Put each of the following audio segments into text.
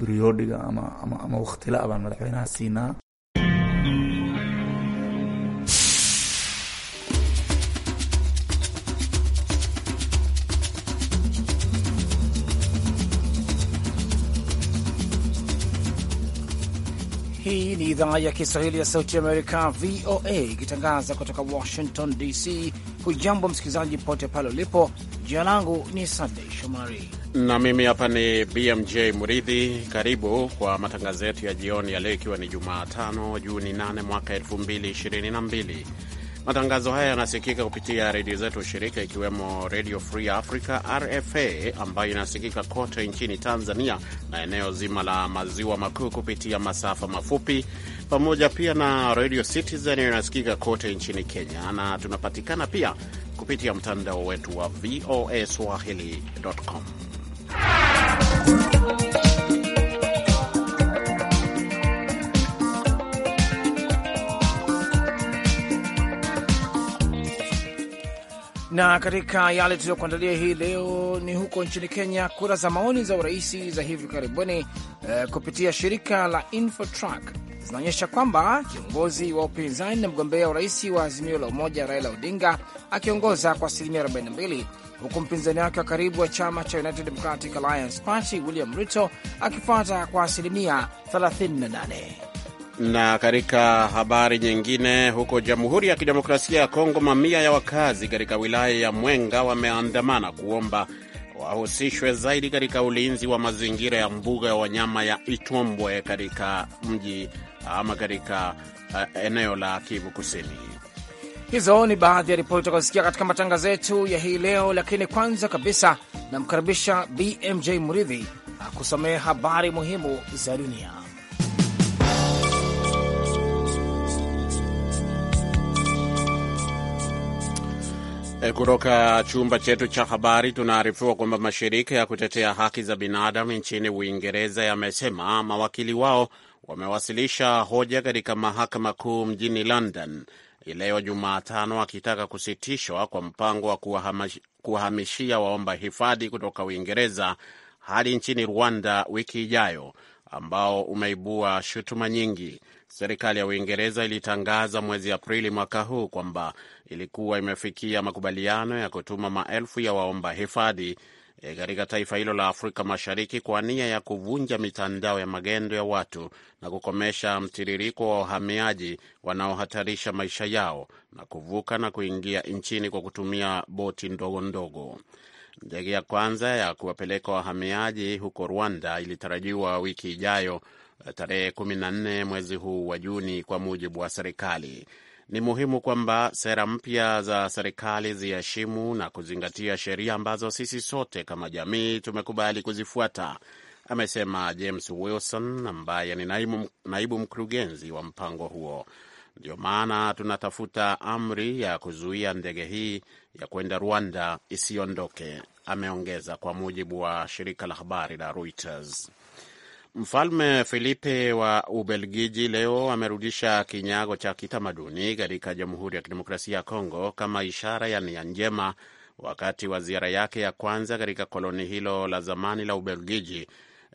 periyoodiga ama waktila baan madaxweynaha siinaa. Hii ni idhaa ya Kiswahili ya Sauti Amerika, VOA, ikitangaza kutoka Washington DC. Hujambo msikilizaji pote pale ulipo. Jina langu ni Sunday Shomari na mimi hapa ni BMJ Muridhi. Karibu kwa matangazo yetu ya jioni ya leo, ikiwa ni Jumatano Juni 8 mwaka 2022. Matangazo haya yanasikika kupitia redio zetu shirika, ikiwemo Redio Free Africa RFA, ambayo inasikika kote nchini Tanzania na eneo zima la maziwa makuu kupitia masafa mafupi, pamoja pia na Redio Citizen inayosikika kote nchini Kenya, na tunapatikana pia kupitia mtandao wetu wa VOA Swahili.com. Na katika yale tuliyokuandalia hii leo ni huko nchini Kenya, kura za maoni za urahisi za hivi karibuni eh, kupitia shirika la Infotrack zinaonyesha kwamba kiongozi wa upinzani na mgombea urais wa Azimio la Umoja Raila Odinga akiongoza kwa asilimia 42 huku mpinzani wake wa karibu wa chama cha United Democratic Alliance Party William Ruto akifuata kwa asilimia 38 na katika habari nyingine, huko Jamhuri ya Kidemokrasia ya Kongo, mamia ya wakazi katika wilaya ya Mwenga wameandamana kuomba wahusishwe zaidi katika ulinzi wa mazingira ya mbuga ya wanyama ya Itombwe katika mji ama katika uh, eneo la Kivu Kusini. Hizo ni baadhi ya ripoti utakaosikia katika matangazo yetu ya hii leo, lakini kwanza kabisa namkaribisha BMJ Muridhi akusomea habari muhimu za dunia. Eh, kutoka chumba chetu cha habari tunaarifiwa kwamba mashirika ya kutetea haki za binadamu nchini Uingereza yamesema mawakili wao wamewasilisha hoja katika mahakama kuu mjini London leo Jumatano akitaka kusitishwa kwa mpango wa kuwahamishia waomba hifadhi kutoka Uingereza hadi nchini Rwanda wiki ijayo, ambao umeibua shutuma nyingi. Serikali ya Uingereza ilitangaza mwezi Aprili mwaka huu kwamba ilikuwa imefikia makubaliano ya kutuma maelfu ya waomba hifadhi E, katika taifa hilo la Afrika Mashariki kwa nia ya kuvunja mitandao ya magendo ya watu na kukomesha mtiririko wa wahamiaji wanaohatarisha maisha yao na kuvuka na kuingia nchini kwa kutumia boti ndogo ndogo. Ndege ya kwanza ya kuwapeleka wahamiaji huko Rwanda ilitarajiwa wiki ijayo eh, tarehe 14 mwezi huu wa Juni, kwa mujibu wa serikali. Ni muhimu kwamba sera mpya za serikali ziheshimu na kuzingatia sheria ambazo sisi sote kama jamii tumekubali kuzifuata, amesema James Wilson ambaye ni naibu, naibu mkurugenzi wa mpango huo. Ndio maana tunatafuta amri ya kuzuia ndege hii ya kwenda Rwanda isiondoke, ameongeza, kwa mujibu wa shirika la habari la Reuters. Mfalme Filipe wa Ubelgiji leo amerudisha kinyago cha kitamaduni katika Jamhuri ya Kidemokrasia ya Kongo kama ishara ya nia njema wakati wa ziara yake ya kwanza katika koloni hilo la zamani la Ubelgiji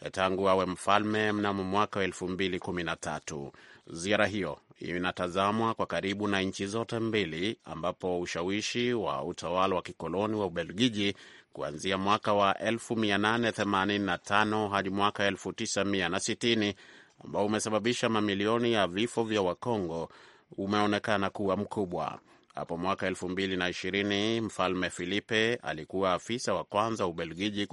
eh, tangu awe mfalme mnamo mwaka wa elfu mbili kumi na tatu. Ziara hiyo inatazamwa kwa karibu na nchi zote mbili, ambapo ushawishi wa utawala wa kikoloni wa Ubelgiji kuanzia mwaka wa 1885 hadi mwaka 1960 ambao umesababisha mamilioni ya vifo vya Wakongo umeonekana kuwa mkubwa. Hapo mwaka 2020 Mfalme Filipe alikuwa afisa wa kwanza Ubelgiji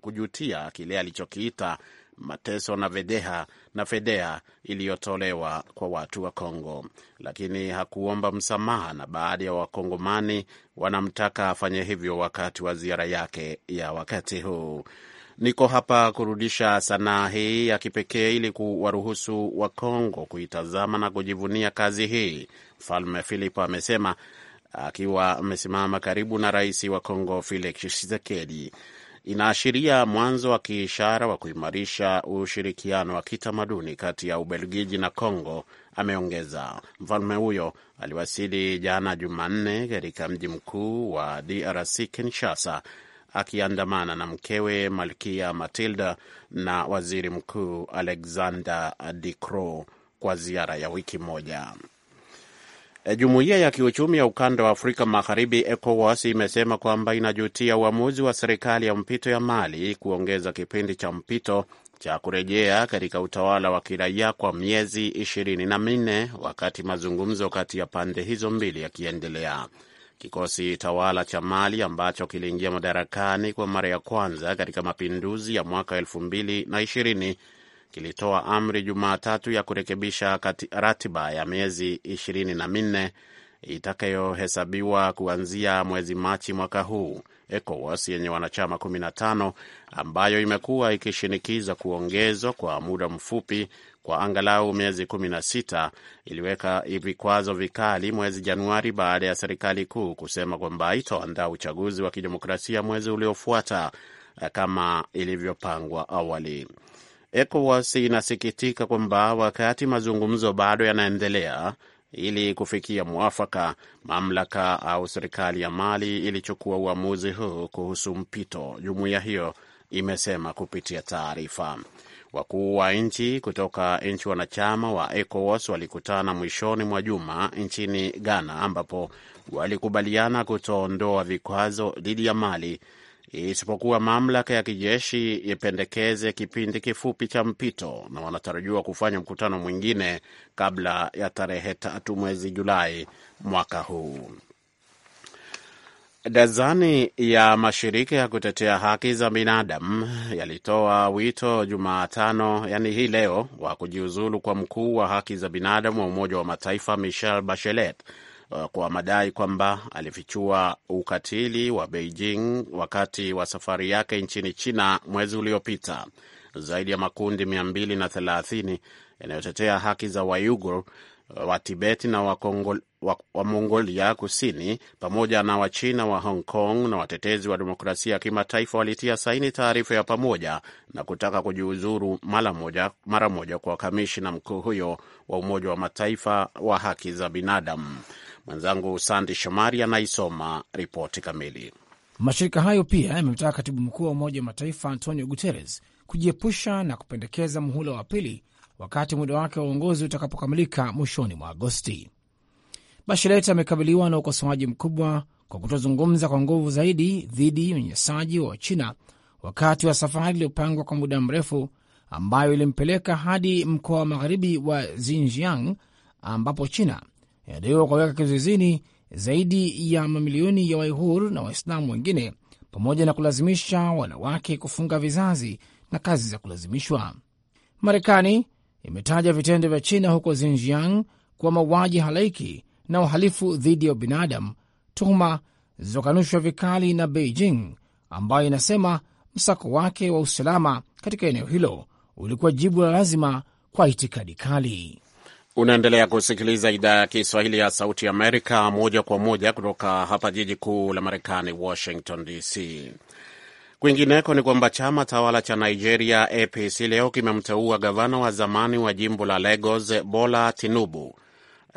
kujutia kile alichokiita mateso na vedeha na fedhea iliyotolewa kwa watu wa Kongo, lakini hakuomba msamaha, na baadhi ya Wakongomani wanamtaka afanye hivyo wakati wa ziara yake ya wakati huu. Niko hapa kurudisha sanaa hii ya kipekee ili kuwaruhusu Wakongo kuitazama na kujivunia kazi hii, Mfalme philip amesema akiwa amesimama karibu na rais wa Kongo Felix Tshisekedi inaashiria mwanzo wa kiishara wa kuimarisha ushirikiano wa kitamaduni kati ya Ubelgiji na congo ameongeza. Mfalme huyo aliwasili jana Jumanne katika mji mkuu wa DRC Kinshasa, akiandamana na mkewe Malkia Matilda na waziri mkuu Alexander De Croo kwa ziara ya wiki moja. E, jumuiya ya kiuchumi ya ukanda wa Afrika Magharibi, ECOWAS, imesema kwamba inajutia uamuzi wa serikali ya mpito ya Mali kuongeza kipindi cha mpito cha kurejea katika utawala wa kiraia kwa miezi ishirini na minne wakati mazungumzo kati ya pande hizo mbili yakiendelea. Kikosi tawala cha Mali ambacho kiliingia madarakani kwa mara ya kwanza katika mapinduzi ya mwaka elfu mbili na ishirini kilitoa amri Jumatatu ya kurekebisha ratiba ya miezi ishirini na minne itakayohesabiwa kuanzia mwezi Machi mwaka huu. ECOWAS yenye wanachama 15 ambayo imekuwa ikishinikiza kuongezwa kwa muda mfupi kwa angalau miezi 16 iliweka vikwazo vikali mwezi Januari baada ya serikali kuu kusema kwamba itaandaa uchaguzi wa kidemokrasia mwezi uliofuata eh, kama ilivyopangwa awali. ECOWAS inasikitika kwamba wakati mazungumzo bado yanaendelea ili kufikia mwafaka, mamlaka au serikali ya Mali ilichukua uamuzi huu kuhusu mpito, jumuiya hiyo imesema kupitia taarifa. Wakuu wa nchi kutoka nchi wanachama wa ECOWAS walikutana mwishoni mwa juma nchini Ghana, ambapo walikubaliana kutoondoa vikwazo dhidi ya Mali isipokuwa mamlaka ya kijeshi ipendekeze kipindi kifupi cha mpito, na wanatarajiwa kufanya mkutano mwingine kabla ya tarehe tatu mwezi Julai mwaka huu. Dazani ya mashirika ya kutetea haki za binadamu yalitoa wito Jumatano, yaani hii leo, wa kujiuzulu kwa mkuu wa haki za binadamu wa Umoja wa Mataifa Michelle Bachelet Uh, kwa madai kwamba alifichua ukatili wa Beijing wakati wa safari yake nchini China mwezi uliopita. Zaidi ya makundi 230 yanayotetea haki za Wayugur uh, wa Tibeti na wa, Mongolia kusini pamoja na Wachina wa Hong Kong na watetezi wa demokrasia ya kimataifa walitia saini taarifa ya pamoja na kutaka kujiuzuru mara moja kwa kamishna mkuu huyo wa Umoja wa Mataifa wa haki za binadamu. Mwenzangu Sandi Shomari anaisoma ripoti kamili. Mashirika hayo pia yamemtaka katibu mkuu wa Umoja wa Mataifa Antonio Guterres kujiepusha na kupendekeza muhula wa pili wakati muda wake wa uongozi utakapokamilika mwishoni mwa Agosti. Bashilet amekabiliwa na ukosoaji mkubwa kwa kutozungumza kwa nguvu zaidi dhidi ya unyanyasaji wa Wachina wakati wa safari iliyopangwa kwa muda mrefu ambayo ilimpeleka hadi mkoa wa magharibi wa Xinjiang ambapo China kwa kuwaweka kizuizini zaidi ya mamilioni ya Waihur na Waislamu wengine pamoja na kulazimisha wanawake kufunga vizazi na kazi za kulazimishwa. Marekani imetaja vitendo vya China huko Xinjiang kuwa mauaji halaiki na uhalifu dhidi ya ubinadamu, tuhuma zilizokanushwa vikali na Beijing ambayo inasema msako wake wa usalama katika eneo hilo ulikuwa jibu la lazima kwa itikadi kali. Unaendelea kusikiliza idhaa ya Kiswahili ya Sauti Amerika moja kwa moja kutoka hapa jiji kuu la Marekani, Washington DC. Kwingineko ni kwamba chama tawala cha Nigeria, APC, leo kimemteua gavana wa zamani wa jimbo la Lagos, Bola Tinubu,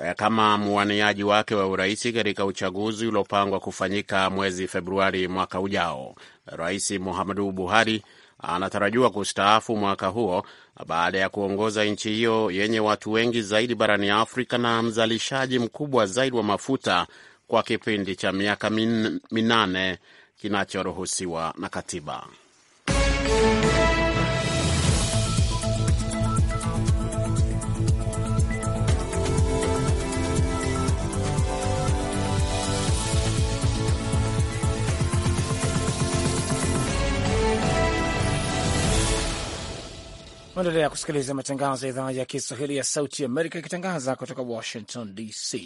eh, kama mwaniaji wake wa uraisi katika uchaguzi uliopangwa kufanyika mwezi Februari mwaka ujao. Rais Muhammadu Buhari anatarajiwa kustaafu mwaka huo baada ya kuongoza nchi hiyo yenye watu wengi zaidi barani Afrika na mzalishaji mkubwa zaidi wa mafuta kwa kipindi cha miaka minane kinachoruhusiwa na katiba. Unaendelea kusikiliza matangazo ya idhaa ya Kiswahili ya Sauti Amerika ikitangaza kutoka Washington DC.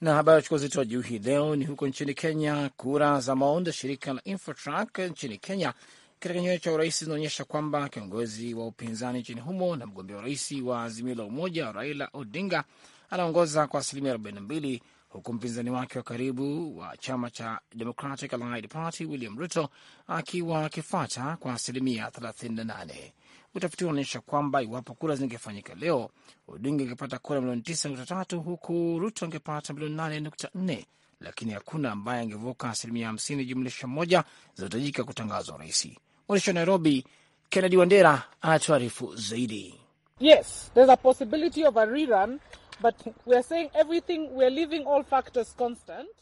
Na habari ya uchukuzi wa juu hii leo ni huko nchini Kenya. Kura za maondo shirika la Infotrak nchini Kenya katika kinyang'anyiro cha urais zinaonyesha kwamba kiongozi wa upinzani nchini humo na mgombea wa urais wa Azimio la Umoja Raila Odinga anaongoza kwa asilimia 42 huku mpinzani wake wa karibu wa chama cha Democratic Allied Party William Ruto akiwa akifuata kwa asilimia 38. Utafiti unaonyesha kwamba iwapo kura zingefanyika leo, Odinga angepata kura milioni tatu huku Ruto angepata milioni nne lakini hakuna ambaye angevuka asilimia hamsini jumlisha moja zinahitajika kutangazwa urais. Mwandishi wa Nairobi, Kennedy Wandera anatuarifu zaidi. Yes,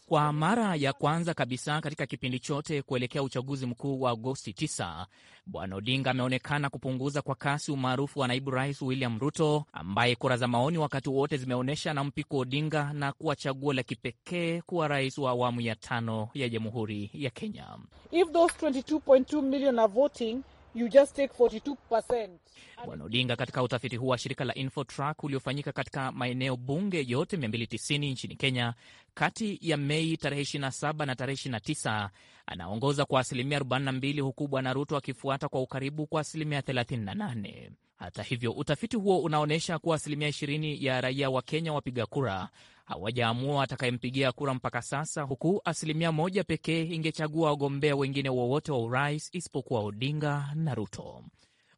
kwa mara ya kwanza kabisa katika kipindi chote kuelekea uchaguzi mkuu wa Agosti 9, Bwana Odinga ameonekana kupunguza kwa kasi umaarufu wa naibu rais William Ruto, ambaye kura za maoni wakati wote zimeonyesha na mpiku Odinga na kuwa chaguo la kipekee kuwa rais wa awamu ya tano ya Jamhuri ya Kenya. If those 22.2 million are voting, You just take 42%. Bwana Odinga, katika utafiti huu wa shirika la Infotrack uliofanyika katika maeneo bunge yote 290 nchini Kenya kati ya Mei tarehe 27 na tarehe 29, anaongoza kwa asilimia 42, huku Bwana Ruto akifuata kwa ukaribu kwa asilimia 38. Hata hivyo, utafiti huo unaonyesha kuwa asilimia 20 ya raia wa Kenya wapiga kura hawajaamua atakayempigia kura mpaka sasa, huku asilimia moja pekee ingechagua wagombea wengine wowote wa urais isipokuwa Odinga na Ruto.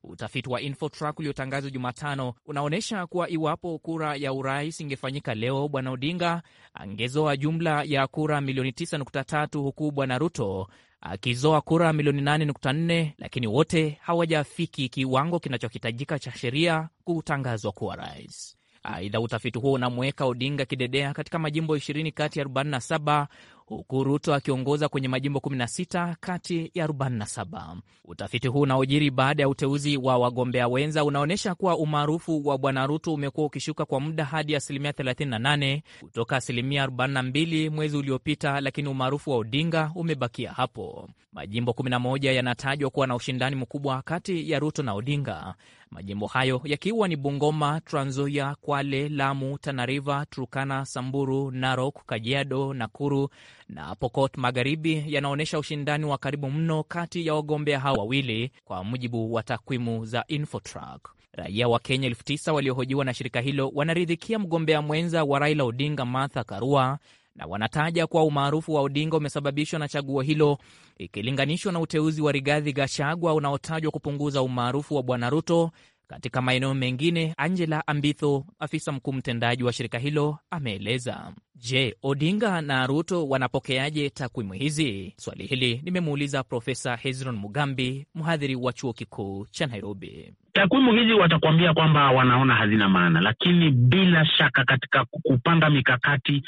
Utafiti wa Infotrak uliotangazwa Jumatano unaonyesha kuwa iwapo kura ya urais ingefanyika leo, bwana Odinga angezoa jumla ya kura milioni 9.3 huku bwana Ruto akizoa kura milioni 8.4, lakini wote hawajafiki kiwango kinachohitajika cha sheria kutangazwa kuwa rais. Aidha, utafiti huo unamweka Odinga kidedea katika majimbo 20 kati ya 47 huku Ruto akiongoza kwenye majimbo 16 kati ya 47. Utafiti huu unaojiri baada ya uteuzi wa wagombea wenza unaonyesha kuwa umaarufu wa Bwana Ruto umekuwa ukishuka kwa muda hadi asilimia 38 kutoka asilimia 42 mwezi uliopita, lakini umaarufu wa Odinga umebakia hapo. Majimbo 11 yanatajwa kuwa na ushindani mkubwa kati ya Ruto na Odinga, majimbo hayo yakiwa ni Bungoma, Trans Nzoia, Kwale, Lamu, Tanariva, Turkana, Samburu, Narok, Kajiado, Nakuru, na Pokot Magharibi yanaonyesha ushindani wa karibu mno kati ya wagombea hao wawili, kwa mujibu wa takwimu za Infotrack. Raia wa Kenya elfu tisa waliohojiwa na shirika hilo wanaridhikia mgombea mwenza wa Raila Odinga, Martha Karua, na wanataja kuwa umaarufu wa Odinga umesababishwa na chaguo hilo ikilinganishwa na uteuzi wa Rigathi Gachagua unaotajwa kupunguza umaarufu wa Bwana Ruto katika maeneo mengine, Angela Ambitho, afisa mkuu mtendaji wa shirika hilo, ameeleza. Je, Odinga na Ruto wanapokeaje takwimu hizi? Swali hili nimemuuliza Profesa Hezron Mugambi, mhadhiri wa chuo kikuu cha Nairobi. Takwimu hizi watakuambia kwamba wanaona hazina maana, lakini bila shaka katika kupanga mikakati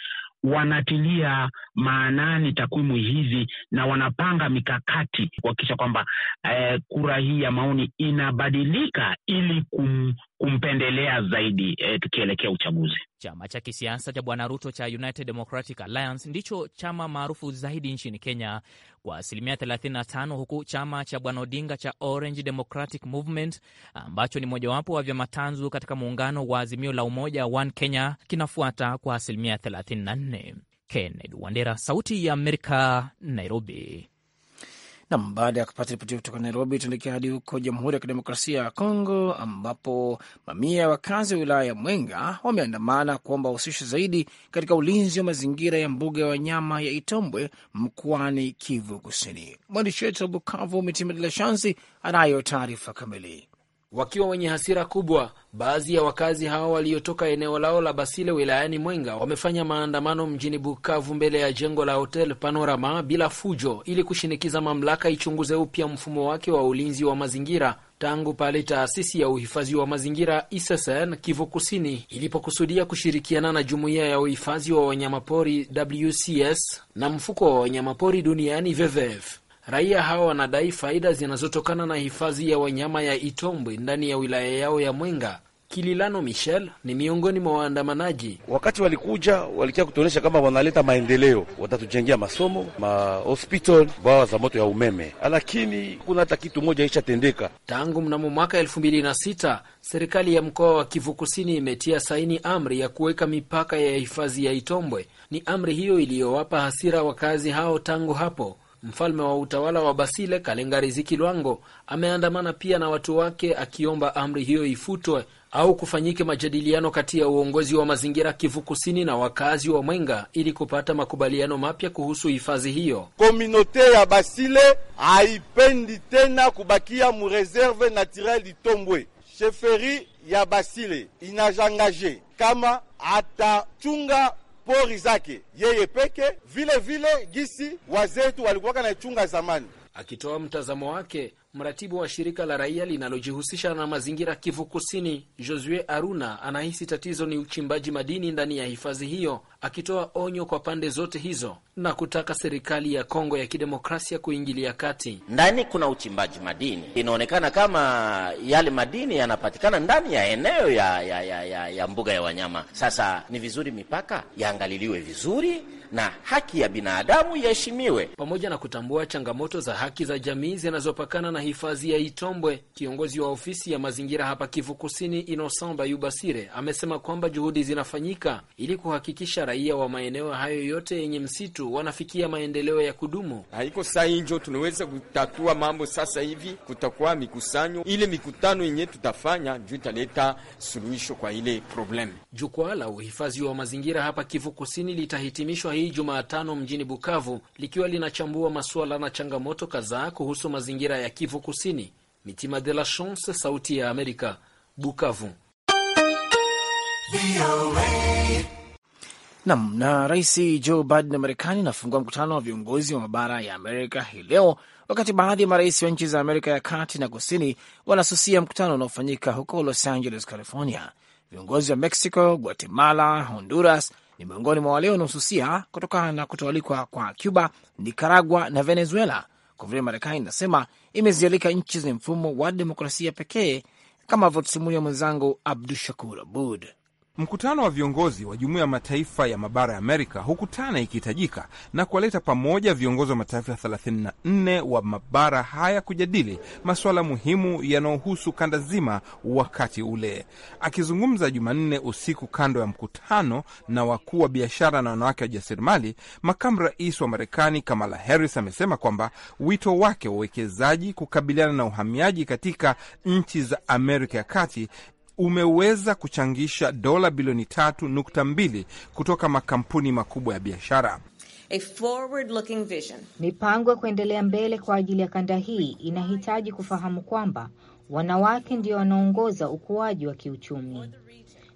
wanatilia maanani takwimu hizi na wanapanga mikakati kuhakikisha kwamba eh, kura hii ya maoni inabadilika ili kum kumpendelea zaidi e, tukielekea uchaguzi. Chama cha kisiasa cha Bwana Ruto cha United Democratic Alliance ndicho chama maarufu zaidi nchini Kenya kwa asilimia 35, huku chama cha Bwana Odinga cha Orange Democratic Movement ambacho ni mojawapo wa vyama tanzu katika muungano wa Azimio la Umoja One Kenya kinafuata kwa asilimia 34. Kennedy Wandera, Sauti ya Amerika, Nairobi. Nam, baada ya kupata ripoti kutoka Nairobi, tuelekea hadi huko Jamhuri ya Kidemokrasia ya Kongo, ambapo mamia ya wakazi wa wilaya ya Mwenga wameandamana kuomba wahusishwe zaidi katika ulinzi wa mazingira ya mbuga ya wanyama ya Itombwe mkoani Kivu Kusini. Mwandishi wetu wa Bukavu, Mitima De La Shansi, anayo taarifa kamili wakiwa wenye hasira kubwa. Baadhi ya wakazi hao waliotoka eneo lao la Basile wilayani Mwenga wamefanya maandamano mjini Bukavu mbele ya jengo la Hotel Panorama bila fujo, ili kushinikiza mamlaka ichunguze upya mfumo wake wa ulinzi wa mazingira tangu pale taasisi ya uhifadhi wa mazingira issn Kivu Kusini ilipokusudia kushirikiana na jumuiya ya uhifadhi wa wanyamapori WCS na mfuko wa wanyamapori duniani WWF. Raia hao wanadai faida zinazotokana na hifadhi ya wanyama ya Itombwe ndani ya wilaya yao ya Mwenga. Kililano Michel ni miongoni mwa waandamanaji. Wakati walikuja walikia kutuonyesha kama wanaleta maendeleo, watatujengea masomo, mahospital, bwawa za moto ya umeme, lakini kuna hata kitu moja ishatendeka. Tangu mnamo mwaka elfu mbili na sita serikali ya mkoa wa Kivu Kusini imetia saini amri ya kuweka mipaka ya hifadhi ya Itombwe. Ni amri hiyo iliyowapa hasira wakazi hao tangu hapo Mfalme wa utawala wa Basile Kalenga Riziki Lwango ameandamana pia na watu wake akiomba amri hiyo ifutwe au kufanyike majadiliano kati ya uongozi wa mazingira Kivu Kusini na wakazi wa Mwenga ili kupata makubaliano mapya kuhusu hifadhi hiyo. Kominote ya Basile haipendi tena kubakia mureserve naturel Itombwe. Sheferi ya Basile inajangaje kama atachunga pori zake yeye peke, vile vile gisi wazetu walikuwaka na chunga zamani. Akitoa mtazamo wake Mratibu wa shirika la raia linalojihusisha na mazingira Kivu Kusini, Josue Aruna, anahisi tatizo ni uchimbaji madini ndani ya hifadhi hiyo, akitoa onyo kwa pande zote hizo na kutaka serikali ya Kongo ya Kidemokrasia kuingilia kati. Ndani kuna uchimbaji madini, inaonekana kama yale madini yanapatikana ndani ya eneo ya, ya, ya, ya, ya mbuga ya wanyama. Sasa ni vizuri mipaka yaangaliliwe vizuri na haki ya binadamu iheshimiwe, pamoja na kutambua changamoto za haki za jamii zinazopakana na hifadhi ya Itombwe. Kiongozi wa ofisi ya mazingira hapa Kivu Kusini, Innocent Bayubasire, amesema kwamba juhudi zinafanyika ili kuhakikisha raia wa maeneo hayo yote yenye msitu wanafikia maendeleo ya kudumu. Haiko saa hii njo tunaweza kutatua mambo sasa hivi, kutakuwa mikusanyo ile mikutano yenye tutafanya juu italeta suluhisho kwa ile problem. Jukwaa la uhifadhi wa mazingira hapa Kivu Kusini litahitimishwa hii Jumatano mjini Bukavu likiwa linachambua masuala na changamoto kadhaa kuhusu mazingira ya Kivu Kusini. Mitima de la Chance, Sauti ya Amerika, Bukavu. Nam na Rais Joe Biden wa Marekani anafungua mkutano wa viongozi wa mabara ya Amerika hii leo, wakati baadhi ya marais wa nchi za Amerika ya kati na kusini wanasusia mkutano unaofanyika huko Los Angeles, California. Viongozi wa Mexico, Guatemala, Honduras, ni miongoni mwa wale wanaosusia kutokana na kutoalikwa kwa Cuba, nikaragua na Venezuela, kwa vile Marekani inasema imezialika nchi zenye mfumo wa demokrasia pekee, kama vyotusimulia mwenzangu Abdu Shakur Abud. Mkutano wa viongozi wa Jumuiya ya Mataifa ya Mabara ya Amerika hukutana ikihitajika na kuwaleta pamoja viongozi wa mataifa 34 wa mabara haya kujadili masuala muhimu yanayohusu kanda zima wakati ule. Akizungumza Jumanne usiku kando ya mkutano na wakuu wa biashara na wanawake wa jasirimali makamu rais wa Marekani Kamala Harris amesema kwamba wito wake wa uwekezaji kukabiliana na uhamiaji katika nchi za Amerika ya Kati umeweza kuchangisha dola bilioni tatu nukta mbili kutoka makampuni makubwa ya biashara. Mipango ya kuendelea mbele kwa ajili ya kanda hii inahitaji kufahamu kwamba wanawake ndio wanaongoza ukuaji wa kiuchumi,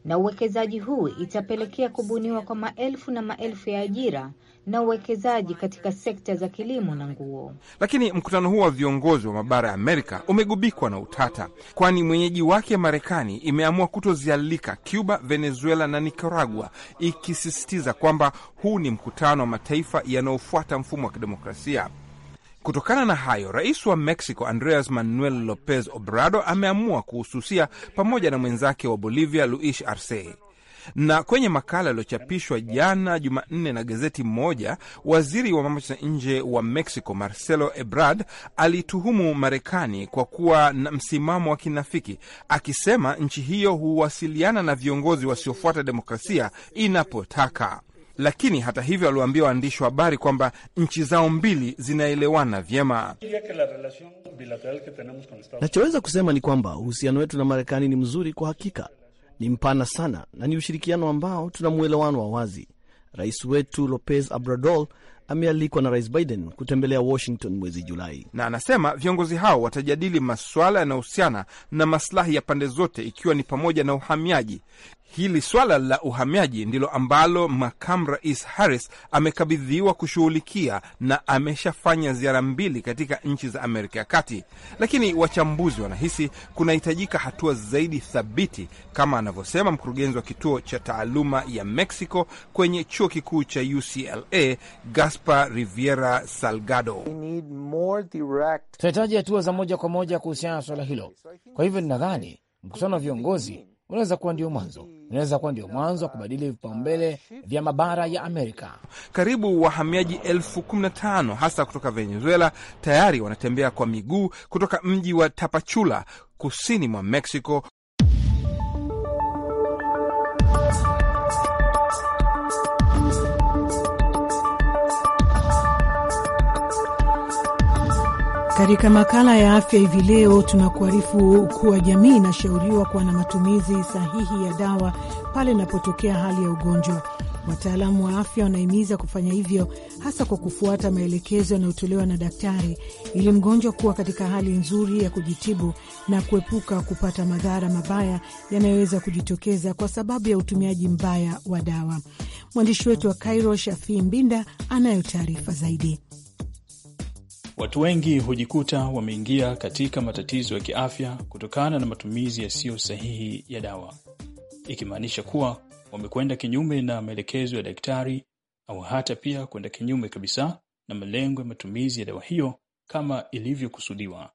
na uwekezaji huu itapelekea kubuniwa kwa maelfu na maelfu ya ajira na uwekezaji katika sekta za kilimo na nguo. Lakini mkutano huu wa viongozi wa mabara ya Amerika umegubikwa na utata, kwani mwenyeji wake Marekani imeamua kutozialika Cuba, Venezuela na Nicaragua, ikisisitiza kwamba huu ni mkutano wa mataifa yanayofuata mfumo wa kidemokrasia. Kutokana na hayo, rais wa Mexico andreas Manuel Lopez Obrador ameamua kuhususia pamoja na mwenzake wa Bolivia Luis Arce. Na kwenye makala yaliyochapishwa jana Jumanne na gazeti moja, waziri wa mambo ya nje wa Mexico Marcelo Ebrard alituhumu Marekani kwa kuwa na msimamo wa kinafiki, akisema nchi hiyo huwasiliana na viongozi wasiofuata demokrasia inapotaka lakini hata hivyo aliwaambia waandishi wa habari kwamba nchi zao mbili zinaelewana vyema. Nachoweza kusema ni kwamba uhusiano wetu na Marekani ni mzuri kwa hakika, ni mpana sana na ni ushirikiano ambao tuna mwelewano wa wazi. Rais wetu Lopez Obrador amealikwa na Rais Biden kutembelea Washington mwezi Julai, na anasema viongozi hao watajadili masuala yanayohusiana na maslahi ya pande zote, ikiwa ni pamoja na uhamiaji, Hili swala la uhamiaji ndilo ambalo makamu rais Harris amekabidhiwa kushughulikia na ameshafanya ziara mbili katika nchi za Amerika ya Kati, lakini wachambuzi wanahisi kunahitajika hatua zaidi thabiti, kama anavyosema mkurugenzi wa kituo cha taaluma ya Mexico kwenye chuo kikuu cha UCLA Gaspar Riviera Salgado. Tunahitaji hatua za moja kwa moja kuhusiana na swala hilo. Kwa hivyo ninadhani mkutano wa viongozi unaweza kuwa ndio mwanzo, unaweza kuwa ndio mwanzo wa kubadili vipaumbele vya mabara ya Amerika. Karibu wahamiaji elfu kumi na tano hasa kutoka Venezuela tayari wanatembea kwa miguu kutoka mji wa Tapachula kusini mwa Mexico Katika makala ya afya hivi leo tunakuarifu kuwa jamii inashauriwa kuwa na matumizi sahihi ya dawa pale inapotokea hali ya ugonjwa. Wataalamu wa afya wanahimiza kufanya hivyo hasa kwa kufuata maelekezo yanayotolewa na daktari, ili mgonjwa kuwa katika hali nzuri ya kujitibu na kuepuka kupata madhara mabaya yanayoweza kujitokeza kwa sababu ya utumiaji mbaya wa dawa. Mwandishi wetu wa Kairo, Shafii Mbinda, anayo taarifa zaidi. Watu wengi hujikuta wameingia katika matatizo ya kiafya kutokana na matumizi yasiyo sahihi ya dawa, ikimaanisha kuwa wamekwenda kinyume na maelekezo ya daktari au hata pia kwenda kinyume kabisa na malengo ya matumizi ya dawa hiyo kama ilivyokusudiwa.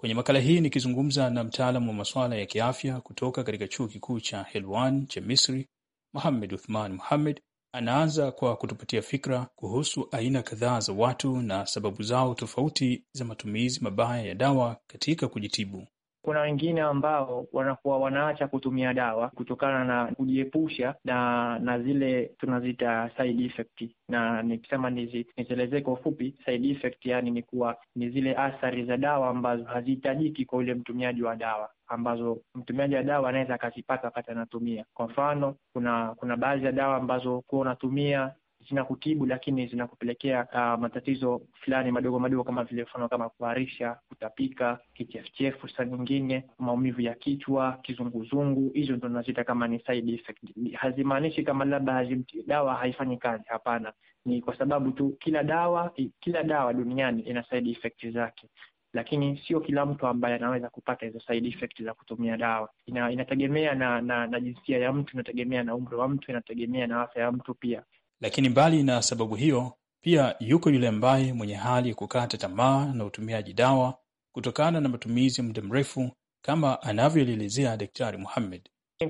Kwenye makala hii nikizungumza na mtaalamu wa masuala ya kiafya kutoka katika chuo kikuu cha Helwan cha Misri, Muhamed Uthman Muhamed, Anaanza kwa kutupatia fikra kuhusu aina kadhaa za watu na sababu zao tofauti za matumizi mabaya ya dawa katika kujitibu kuna wengine ambao wanakuwa wanaacha kutumia dawa kutokana na kujiepusha na na zile tunaziita side effect, na nikisema nizielezee kwa ufupi, side effect yani ni kuwa ni zile athari za dawa ambazo hazihitajiki kwa yule mtumiaji wa dawa ambazo mtumiaji wa dawa anaweza akazipata wakati anatumia. Kwa mfano, kuna kuna baadhi ya dawa ambazo kuwa unatumia zinakutibu lakini zinakupelekea uh, matatizo fulani madogo madogo, kama vile mfano kama kuharisha, kutapika, kichefuchefu, sa nyingine maumivu ya kichwa, kizunguzungu. Hizo ndo nazita kama ni side effect. Hazimaanishi kama labda dawa haifanyi kazi, hapana. Ni kwa sababu tu kila dawa kila dawa duniani ina side effect zake, lakini sio kila mtu ambaye anaweza kupata hizo side effect za kutumia dawa. Ina, inategemea na, na, na jinsia ya mtu, inategemea na umri wa mtu, inategemea na afya ya mtu pia. Lakini mbali na sababu hiyo, pia yuko yule ambaye mwenye hali ya kukata tamaa na utumiaji dawa kutokana na matumizi ya muda mrefu, kama anavyolielezea Daktari Muhammad.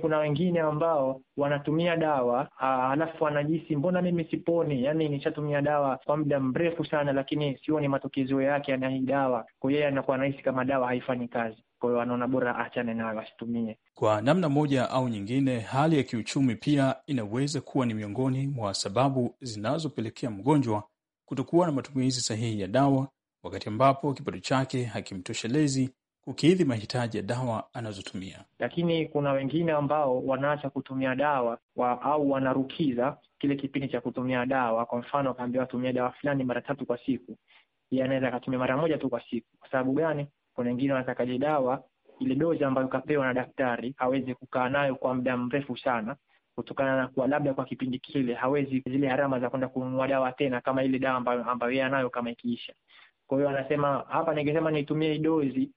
Kuna wengine ambao wanatumia dawa ah, halafu wanajisi, mbona mimi siponi? Yani nishatumia dawa kwa muda mrefu sana, lakini sioni matokezo yake ana hii dawa. Kwa hiyo yeye anakuwa anahisi kama dawa haifanyi kazi. Kwa hiyo anaona bora achane nayo asitumie. Kwa namna moja au nyingine, hali ya kiuchumi pia inaweza kuwa ni miongoni mwa sababu zinazopelekea mgonjwa kutokuwa na matumizi sahihi ya dawa, wakati ambapo kipato chake hakimtoshelezi kukidhi mahitaji ya dawa anazotumia. Lakini kuna wengine ambao wanaacha kutumia dawa wa, au wanarukiza kile kipindi cha kutumia dawa. Kwa mfano, akaambiwa atumie dawa fulani mara tatu kwa siku, yeye anaweza akatumia mara moja tu kwa siku. Kwa sababu gani? Kuna wengine wanatakaje dawa ile dozi ambayo kapewa na daktari hawezi kukaa nayo kwa muda mrefu sana, kutokana na kuwa labda kwa kipindi kile hawezi zile harama za kwenda kununua dawa tena, kama ile dawa ambayo ambayo yeye anayo kama ikiisha. Kwa hiyo anasema hapa, ningesema nitumie dozi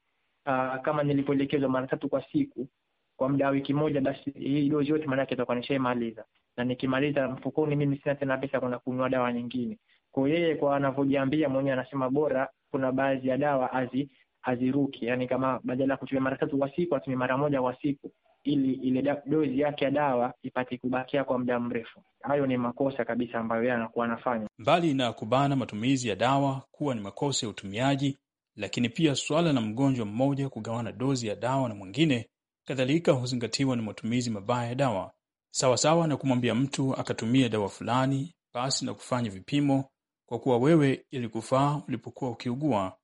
uh, kama nilivyoelekezwa mara tatu kwa siku kwa muda wa wiki moja, basi hii dozi yote maanake itakuwa nishaimaliza, na nikimaliza mfukoni mimi sina tena pesa kwenda kununua dawa nyingine. Kwa hiyo yeye kwa anavyojiambia mwenyewe anasema bora kuna baadhi ya dawa azi haziruki, yani kama badala ya kutumia mara tatu kwa siku atumie mara moja kwa siku ili ile dozi yake ya dawa ipate kubakia kwa muda mrefu. Hayo ni makosa kabisa ambayo yeye anakuwa anafanya. Mbali na kubana matumizi ya dawa kuwa ni makosa ya utumiaji, lakini pia swala la mgonjwa mmoja kugawana dozi ya dawa na mwingine kadhalika huzingatiwa ni matumizi mabaya ya dawa, sawasawa na kumwambia mtu akatumia dawa fulani basi na kufanya vipimo kwa kuwa wewe ilikufaa ulipokuwa ukiugua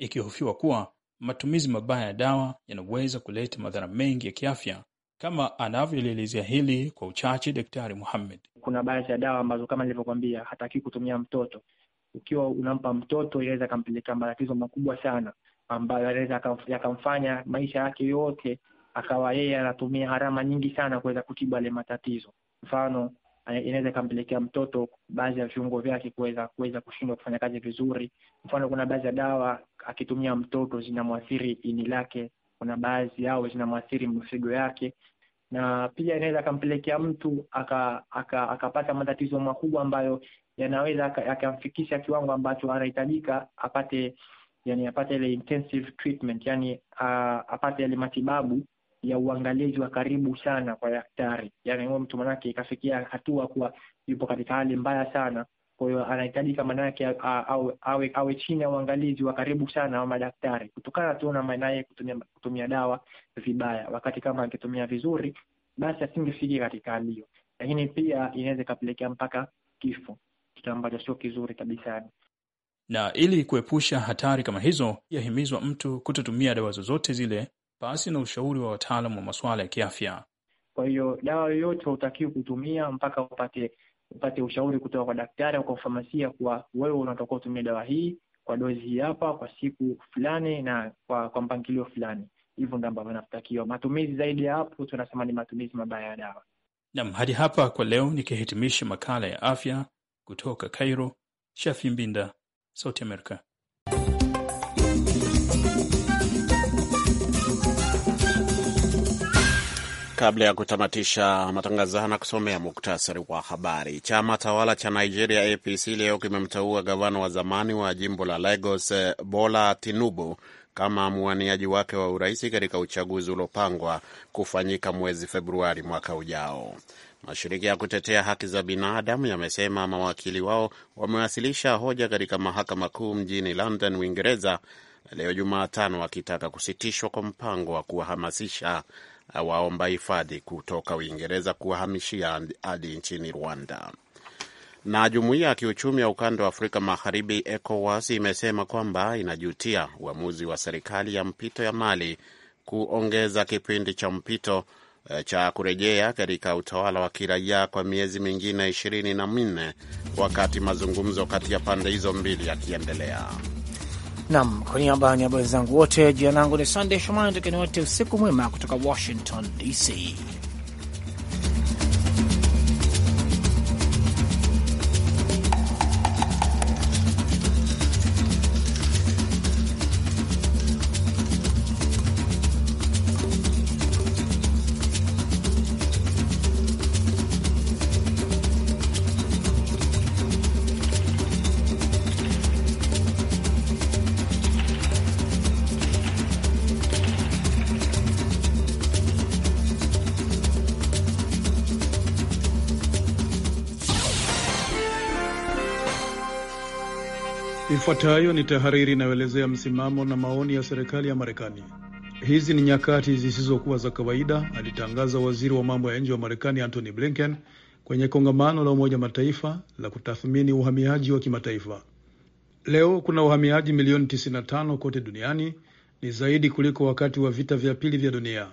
ikihofiwa kuwa matumizi mabaya ya dawa yanaweza kuleta madhara mengi ya kiafya, kama anavyolielezea hili kwa uchache Daktari Muhamed. Kuna baadhi ya dawa ambazo kama nilivyokwambia hataki kutumia mtoto. Ukiwa unampa mtoto, inaweza akampelekea matatizo makubwa sana, ambayo anaweza yakamfanya maisha yake yote akawa yeye anatumia harama nyingi sana kuweza kutibu yale matatizo. Mfano, eh, inaweza ikampelekea mtoto baadhi ya viungo vyake kuweza kuweza kushindwa kufanya kazi vizuri. Mfano, kuna baadhi ya dawa akitumia mtoto zinamwathiri ini lake, kuna baadhi yao zinamwathiri mfigo yake, na pia inaweza akampelekea mtu akapata aka, aka matatizo makubwa ambayo yanaweza akamfikisha kiwango ambacho anahitajika apate yani apate ile intensive treatment, yani apate yale matibabu ya uangalizi wa karibu sana kwa daktari. Yani huyo mtu manake ikafikia hatua kuwa yupo katika hali mbaya sana kwa hiyo anahitajika maana yake awe, awe chini ya uangalizi wa karibu sana wa madaktari, kutokana tu na maana yake kutumia, kutumia dawa vibaya, wakati kama angetumia vizuri, basi asingefiki katika hali hiyo, lakini pia inaweza ikapelekea mpaka kifo, kitu ambacho sio kizuri kabisa. Na ili kuepusha hatari kama hizo, yahimizwa mtu kutotumia dawa zozote zile pasi na ushauri wa wataalamu wa masuala ya kiafya. Kwa hiyo dawa yoyote hautakiwi kutumia mpaka upate upate ushauri kutoka kwa daktari au kwa famasia kuwa wewe unatakiwa utumie dawa hii kwa dozi hii hapa kwa siku fulani na kwa, kwa mpangilio fulani. Hivyo ndio ambavyo nafutakiwa. Matumizi zaidi ya hapo tunasema ni matumizi mabaya ya dawa. Nam, hadi hapa kwa leo, nikihitimisha makala ya afya kutoka Cairo, Shafi Mbinda, Sauti Amerika. Kabla ya kutamatisha matangazo haya na kusomea muktasari wa habari, chama tawala cha Nigeria APC leo kimemteua gavana wa zamani wa jimbo la Lagos Bola Tinubu kama mwaniaji wake wa urahisi katika uchaguzi uliopangwa kufanyika mwezi Februari mwaka ujao. Mashirika ya kutetea haki za binadamu yamesema mawakili wao wamewasilisha hoja katika mahakama kuu mjini London, Uingereza leo Jumatano, wakitaka kusitishwa kwa mpango wa kuwahamasisha waomba hifadhi kutoka Uingereza kuwahamishia hadi nchini Rwanda. Na jumuiya ya kiuchumi ya ukanda wa Afrika Magharibi, ECOWAS, imesema kwamba inajutia uamuzi wa serikali ya mpito ya Mali kuongeza kipindi cha mpito eh, cha kurejea katika utawala wa kiraia kwa miezi mingine ishirini na minne wakati mazungumzo kati ya pande hizo mbili yakiendelea. Nam, kwa niaba ya wenzangu wote, jina langu ni Sandey Shomani, tukeni wote usiku mwema kutoka Washington DC. Ifuatayo ni tahariri inayoelezea msimamo na maoni ya serikali ya Marekani. Hizi ni nyakati zisizokuwa za kawaida, alitangaza waziri wa mambo ya nje wa Marekani Antony Blinken kwenye kongamano la Umoja Mataifa la kutathmini uhamiaji wa kimataifa. Leo kuna uhamiaji milioni 95 kote duniani, ni zaidi kuliko wakati wa vita vya pili vya dunia,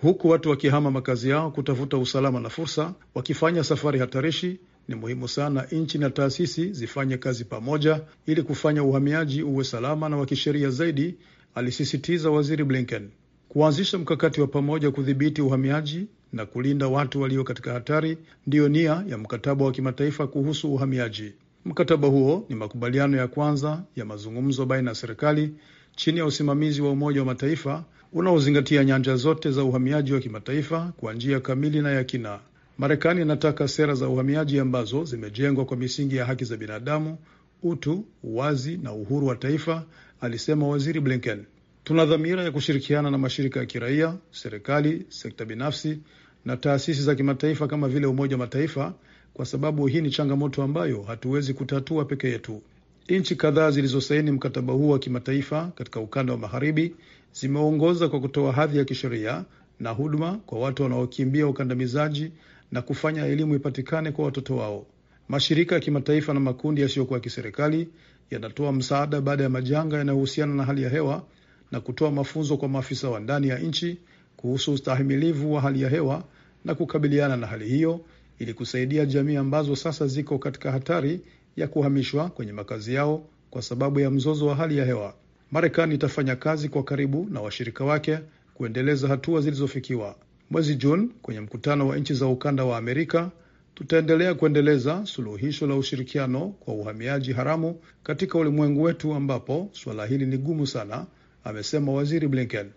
huku watu wakihama makazi yao kutafuta usalama na fursa, wakifanya safari hatarishi ni muhimu sana nchi na taasisi zifanye kazi pamoja ili kufanya uhamiaji uwe salama na wa kisheria zaidi, alisisitiza Waziri Blinken. Kuanzisha mkakati wa pamoja kudhibiti uhamiaji na kulinda watu walio katika hatari ndiyo nia ya mkataba wa kimataifa kuhusu uhamiaji. Mkataba huo ni makubaliano ya kwanza ya mazungumzo baina ya serikali chini ya usimamizi wa Umoja wa Mataifa unaozingatia nyanja zote za uhamiaji wa kimataifa kwa njia kamili na ya kina. Marekani inataka sera za uhamiaji ambazo zimejengwa kwa misingi ya haki za binadamu, utu, uwazi na uhuru wa taifa, alisema Waziri Blinken. Tuna dhamira ya kushirikiana na mashirika ya kiraia, serikali, sekta binafsi na taasisi za kimataifa kama vile Umoja wa Mataifa, kwa sababu hii ni changamoto ambayo hatuwezi kutatua peke yetu. Nchi kadhaa zilizosaini mkataba huu wa kimataifa katika ukanda wa magharibi zimeongoza kwa kutoa hadhi ya kisheria na huduma kwa watu wanaokimbia ukandamizaji na kufanya elimu ipatikane kwa watoto wao. Mashirika ya kimataifa na makundi yasiyokuwa ya kiserikali yanatoa msaada baada ya majanga yanayohusiana na hali ya hewa na kutoa mafunzo kwa maafisa wa ndani ya nchi kuhusu ustahimilivu wa hali ya hewa na kukabiliana na hali hiyo ili kusaidia jamii ambazo sasa ziko katika hatari ya kuhamishwa kwenye makazi yao kwa sababu ya mzozo wa hali ya hewa. Marekani itafanya kazi kwa karibu na washirika wake kuendeleza hatua zilizofikiwa. Mwezi Juni kwenye mkutano wa nchi za ukanda wa Amerika tutaendelea kuendeleza suluhisho la ushirikiano kwa uhamiaji haramu katika ulimwengu wetu ambapo suala hili ni gumu sana, amesema Waziri Blinken.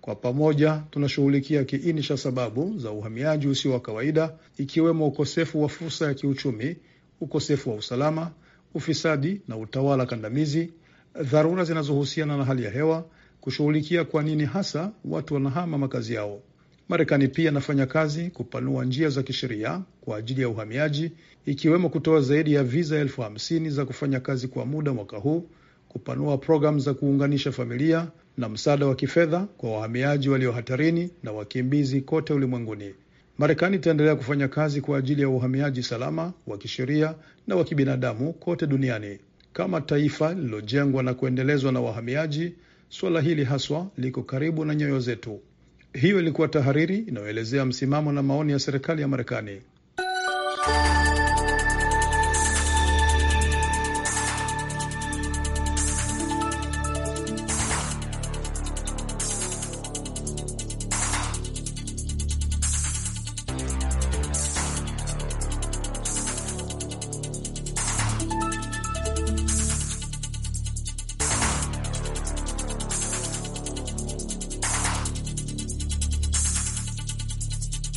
Kwa pamoja tunashughulikia kiini cha sababu za uhamiaji usio wa kawaida, ikiwemo ukosefu wa fursa ya kiuchumi, ukosefu wa usalama, ufisadi na utawala kandamizi, dharura zinazohusiana na hali ya hewa, kushughulikia kwa nini hasa watu wanahama makazi yao. Marekani pia inafanya kazi kupanua njia za kisheria kwa ajili ya uhamiaji, ikiwemo kutoa zaidi ya viza elfu hamsini za kufanya kazi kwa muda mwaka huu, kupanua programu za kuunganisha familia na msaada wa kifedha kwa wahamiaji walio hatarini na wakimbizi kote ulimwenguni. Marekani itaendelea kufanya kazi kwa ajili ya uhamiaji salama wa kisheria na wa kibinadamu kote duniani. Kama taifa lililojengwa na kuendelezwa na wahamiaji, suala hili haswa liko karibu na nyoyo zetu. Hiyo ilikuwa tahariri inayoelezea msimamo na maoni ya serikali ya Marekani.